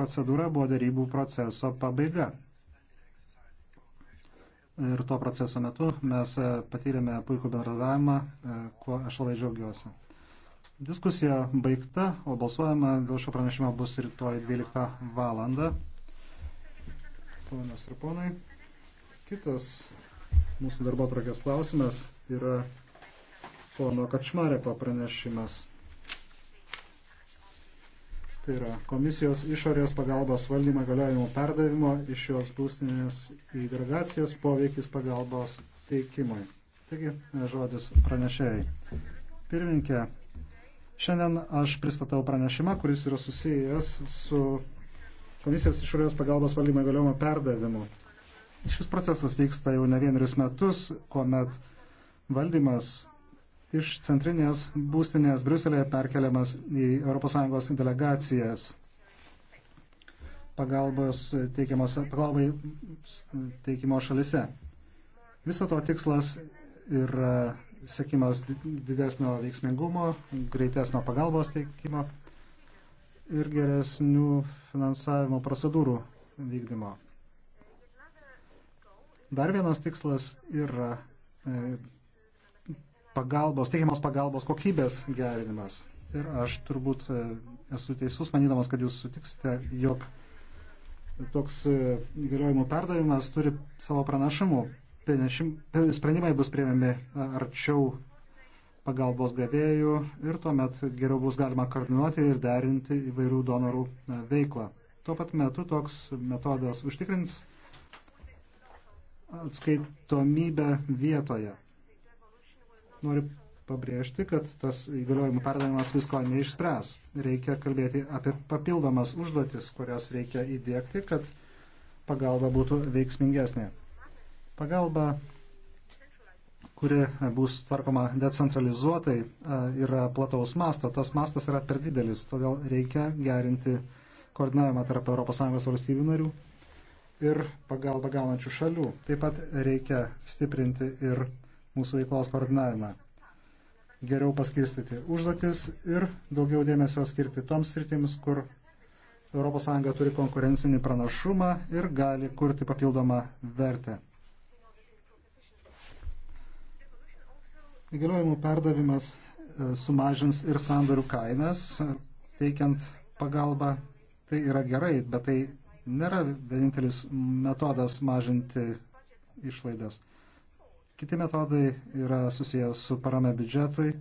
procedūra buvo darybų proceso pabaiga. Ir to proceso metu mes e, patyrėme puikų bendradavimą, e, kuo aš labai džiaugiuosi. Diskusija baigta, o balsuojama dėl šio pranešimo bus rytoj 12 valandą. Ponas ir ponai, kitas mūsų darbo trakės klausimas yra pono Kačmarepo pranešimas tai yra komisijos išorės pagalbos valdymo galiojimo perdavimo iš jos būstinės į delegacijas poveikis pagalbos teikimui. Taigi, žodis pranešėjai. Pirminkė, šiandien aš pristatau pranešimą, kuris yra susijęs su komisijos išorės pagalbos valdymo galiojimo perdavimu. Šis procesas vyksta jau ne vienerius metus, kuomet valdymas iš centrinės būstinės Bruselėje perkeliamas į ES delegacijas. Pagalbos teikiamos, pagalbai teikimo šalise. Viso to tikslas yra sėkimas didesnio veiksmingumo, greitesnio pagalbos teikimo ir geresnių finansavimo procedūrų vykdymo. Dar vienas tikslas yra e, pagalbos, teikiamos pagalbos kokybės gerinimas. Ir aš turbūt e, esu teisus, manydamas, kad jūs sutiksite, jog toks e, įgaliojimų perdavimas turi savo pranašumų. Sprendimai bus prieimiami arčiau pagalbos gavėjų ir tuomet geriau bus galima koordinuoti ir derinti įvairių donorų e, veiklą. Tuo pat metu toks metodas užtikrins atskaitomybę vietoje. Noriu pabrėžti, kad tas įgaliojimų perdavimas visko neišspręs. Reikia kalbėti apie papildomas užduotis, kurias reikia įdėkti, kad pagalba būtų veiksmingesnė. Pagalba, kuri bus tvarkoma decentralizuotai, yra plataus masto. Tas mastas yra per didelis, todėl reikia gerinti koordinavimą tarp ES valstybių narių ir pagalba gaunančių šalių. Taip pat reikia stiprinti ir mūsų veiklos koordinavimą. Geriau paskirstyti užduotis ir daugiau dėmesio skirti toms sritims, kur ES turi konkurencinį pranašumą ir gali kurti papildomą vertę. Įgaliojimų perdavimas e, sumažins ir sandorių kainas, e, teikiant pagalbą. Tai yra gerai, bet tai nėra vienintelis metodas mažinti išlaidas. Kiti metodai yra susijęs su parame biudžetui,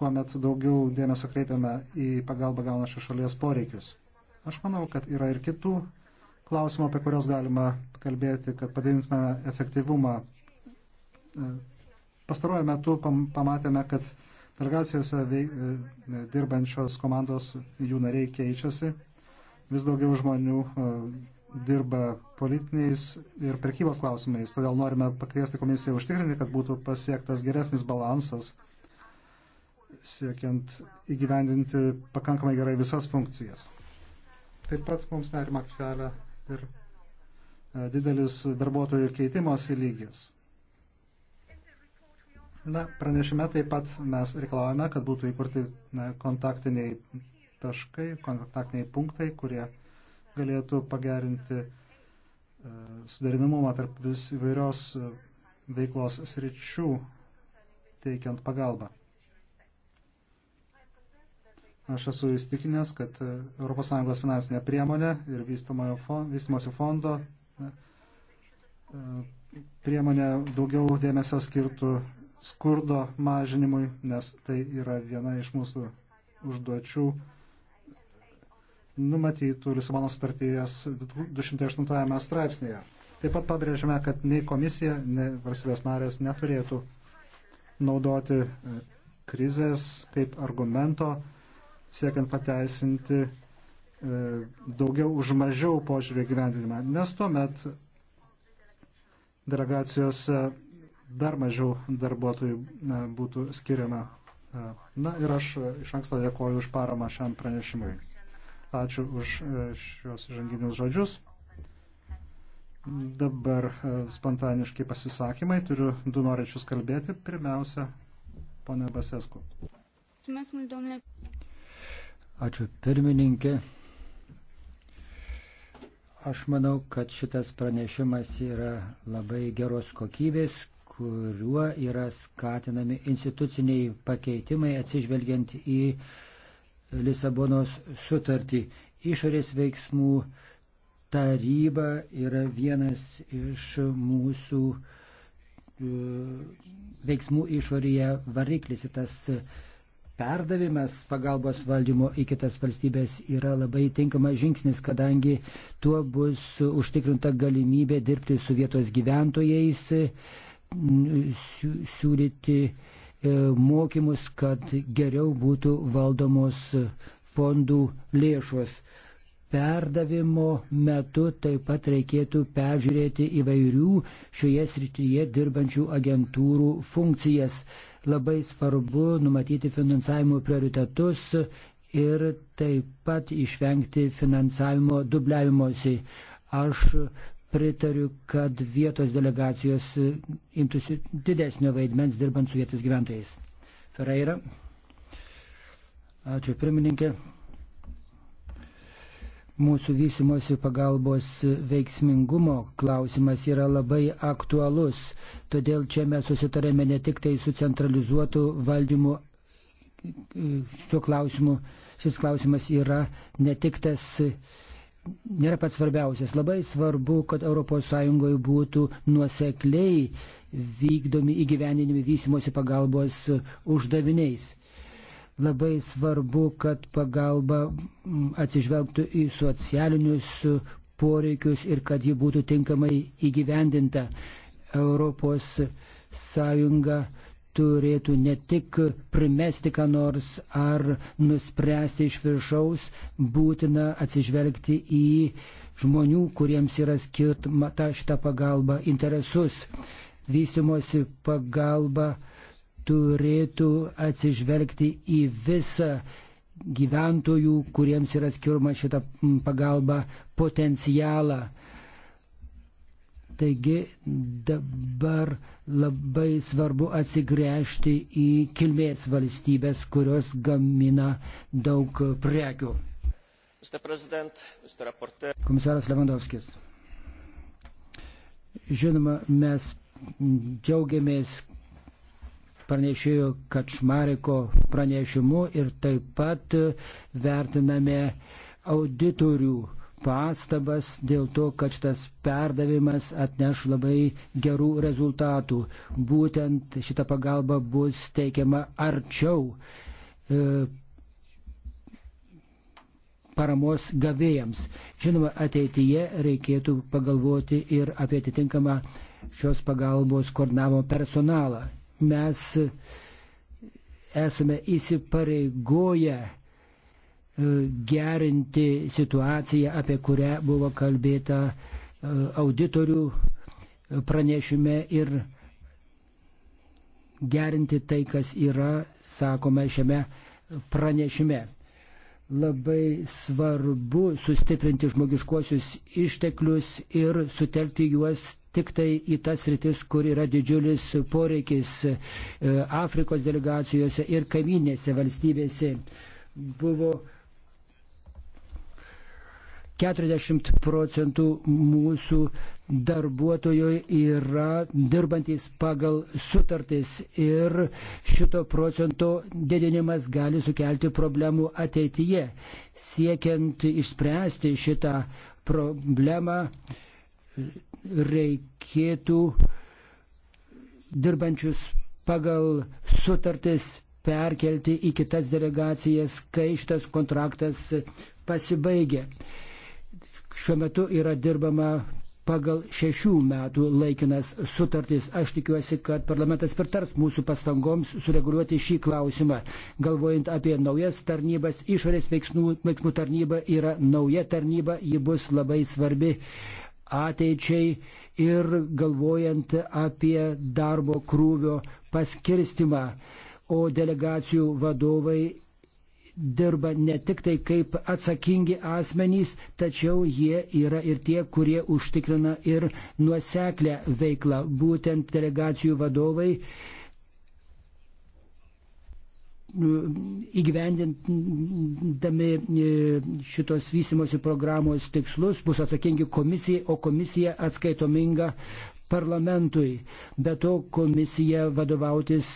kuomet daugiau dėmesio kreipiame į pagalbą gaunančios šalies poreikius. Aš manau, kad yra ir kitų klausimų, apie kurios galima kalbėti, kad padidintume efektyvumą. E, pastaruoju metu pamatėme, kad delegacijose e, dirbančios komandos jų nariai keičiasi, vis daugiau žmonių e, dirba politiniais ir prekybos klausimais. Todėl norime pakviesti komisiją užtikrinti, kad būtų pasiektas geresnis balansas, siekiant įgyvendinti pakankamai gerai visas funkcijas. Taip pat mums nerima kelia ir e, didelis darbuotojų keitimosi lygis. Na, pranešime taip pat mes reikalavome, kad būtų įkurti kontaktiniai taškai, kontaktiniai punktai, kurie galėtų pagerinti e, sudarinamumą tarp vis įvairios e, veiklos sričių, teikiant pagalbą. Aš esu įstikinęs, kad e, ES finansinė priemonė ir vystimosi fondo priemonė daugiau dėmesio skirtų skurdo mažinimui, nes tai yra viena iš mūsų užduočių numatytų Lisabono sutarties 208 straipsnėje. Taip pat pabrėžime, kad nei komisija, nei valstybės narės neturėtų naudoti e, krizės kaip argumento, siekiant pateisinti e, daugiau už mažiau požiūrį gyvendinimą, nes tuomet delegacijose dar mažiau darbuotojų e, būtų skiriama. Na ir aš iš anksto dėkoju už paramą šiam pranešimui. Ačiū už e, šios žanginius žodžius. Dabar e, spontaniškai pasisakymai. Turiu du norėčius kalbėti. Pirmiausia, ponė Basesku. Ačiū pirmininkė. Aš manau, kad šitas pranešimas yra labai geros kokybės, kuriuo yra skatinami instituciniai pakeitimai atsižvelgiant į uh, Lisabonos sutartį. Išorės veiksmų taryba yra vienas iš mūsų e, veiksmų išorėje variklis. Tas perdavimas pagalbos valdymo į kitas valstybės yra labai tinkamas žingsnis, kadangi tuo bus užtikrinta galimybė dirbti su vietos gyventojais, siūlyti E, mokymus, kad geriau būtų valdomos fondų lėšos. Perdavimo metu taip pat reikėtų peržiūrėti įvairių šioje srityje dirbančių agentūrų funkcijas. Labai svarbu numatyti finansavimo prioritetus ir taip pat išvengti finansavimo dubliavimuose. Aš pritariu, kad vietos delegacijos imtųsi didesnio vaidmens dirbant su vietos gyventojais. Ferreira. Ačiū pirmininkė. Mūsų vystimosi pagalbos veiksmingumo klausimas yra labai aktualus, todėl čia mes susitarėme ne tik tai su centralizuotu valdymu šiuo klausimu, šis klausimas yra ne tik tas nėra pats svarbiausias. Labai svarbu, kad ES būtų nuosekliai vykdomi įgyveninimi vystimosi pagalbos uždaviniais. Labai svarbu, kad pagalba mm, atsižvelgtų į socialinius poreikius ir kad ji būtų tinkamai įgyvendinta. Europos Sąjunga uh, turėtų ne tik primesti ką nors ar nuspręsti iš viršaus, būtina atsižvelgti į žmonių, kuriems yra skirtama ta šita pagalba, interesus. Vystimosi pagalba turėtų atsižvelgti į visą gyventojų, kuriems yra skirma šita pagalba, potencialą. Taigi dabar labai svarbu atsigręžti į kilmės valstybės, kurios gamina daug prekių. Komisaras Levandovskis. Žinoma, mes džiaugiamės pranešėjo Kačmariko pranešimu ir taip pat vertiname auditorių pastabas dėl to, kad šitas perdavimas atneš labai gerų rezultatų. Būtent šita pagalba bus teikiama arčiau e, paramos gavėjams. Žinoma, ateityje reikėtų pagalvoti ir apie atitinkamą šios pagalbos koordinavimo personalą. Mes esame įsipareigoję E, gerinti situaciją, apie kurią buvo kalbėta e, auditorių pranešime ir gerinti tai, kas yra sakoma šiame pranešime. Labai svarbu sustiprinti žmogiškuosius išteklius ir sutelkti juos tik tai į tas rytis, kur yra didžiulis poreikis e, Afrikos delegacijose ir kaiminėse valstybėse. Buvo 40 procentų mūsų darbuotojų yra dirbantis pagal sutartis ir šito procento didinimas gali sukelti problemų ateityje. Siekiant išspręsti šitą problemą, reikėtų dirbančius pagal sutartis perkelti į kitas delegacijas, kai šitas kontraktas pasibaigia. Šiuo metu yra dirbama pagal šešių metų laikinas sutartis. Aš tikiuosi, kad parlamentas pritars mūsų pastangoms sureguliuoti šį klausimą. Galvojant apie naujas tarnybas, išorės veiksmų, veiksmų tarnyba yra nauja tarnyba, ji bus labai svarbi ateičiai ir galvojant apie darbo krūvio paskirstimą. O delegacijų vadovai dirba ne tik tai kaip atsakingi asmenys, tačiau jie yra ir tie, kurie užtikrina ir nuoseklę veiklą, būtent delegacijų vadovai nu, įgyvendindami e, šitos vystimosi programos tikslus bus atsakingi komisijai, o komisija atskaitominga parlamentui. Be to komisija vadovautis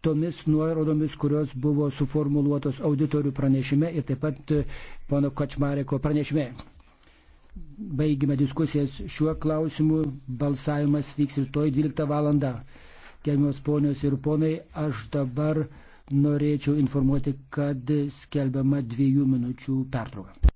tomis nuorodomis, kurios buvo suformuluotos auditorių pranešime ir taip pat e, pono Kačmareko pranešime. Baigime diskusijas šiuo klausimu. Balsavimas vyks rytoj 12 val. Gerbiamas ponios ir ponai, aš dabar norėčiau informuoti, kad skelbiama dviejų minučių pertrauka.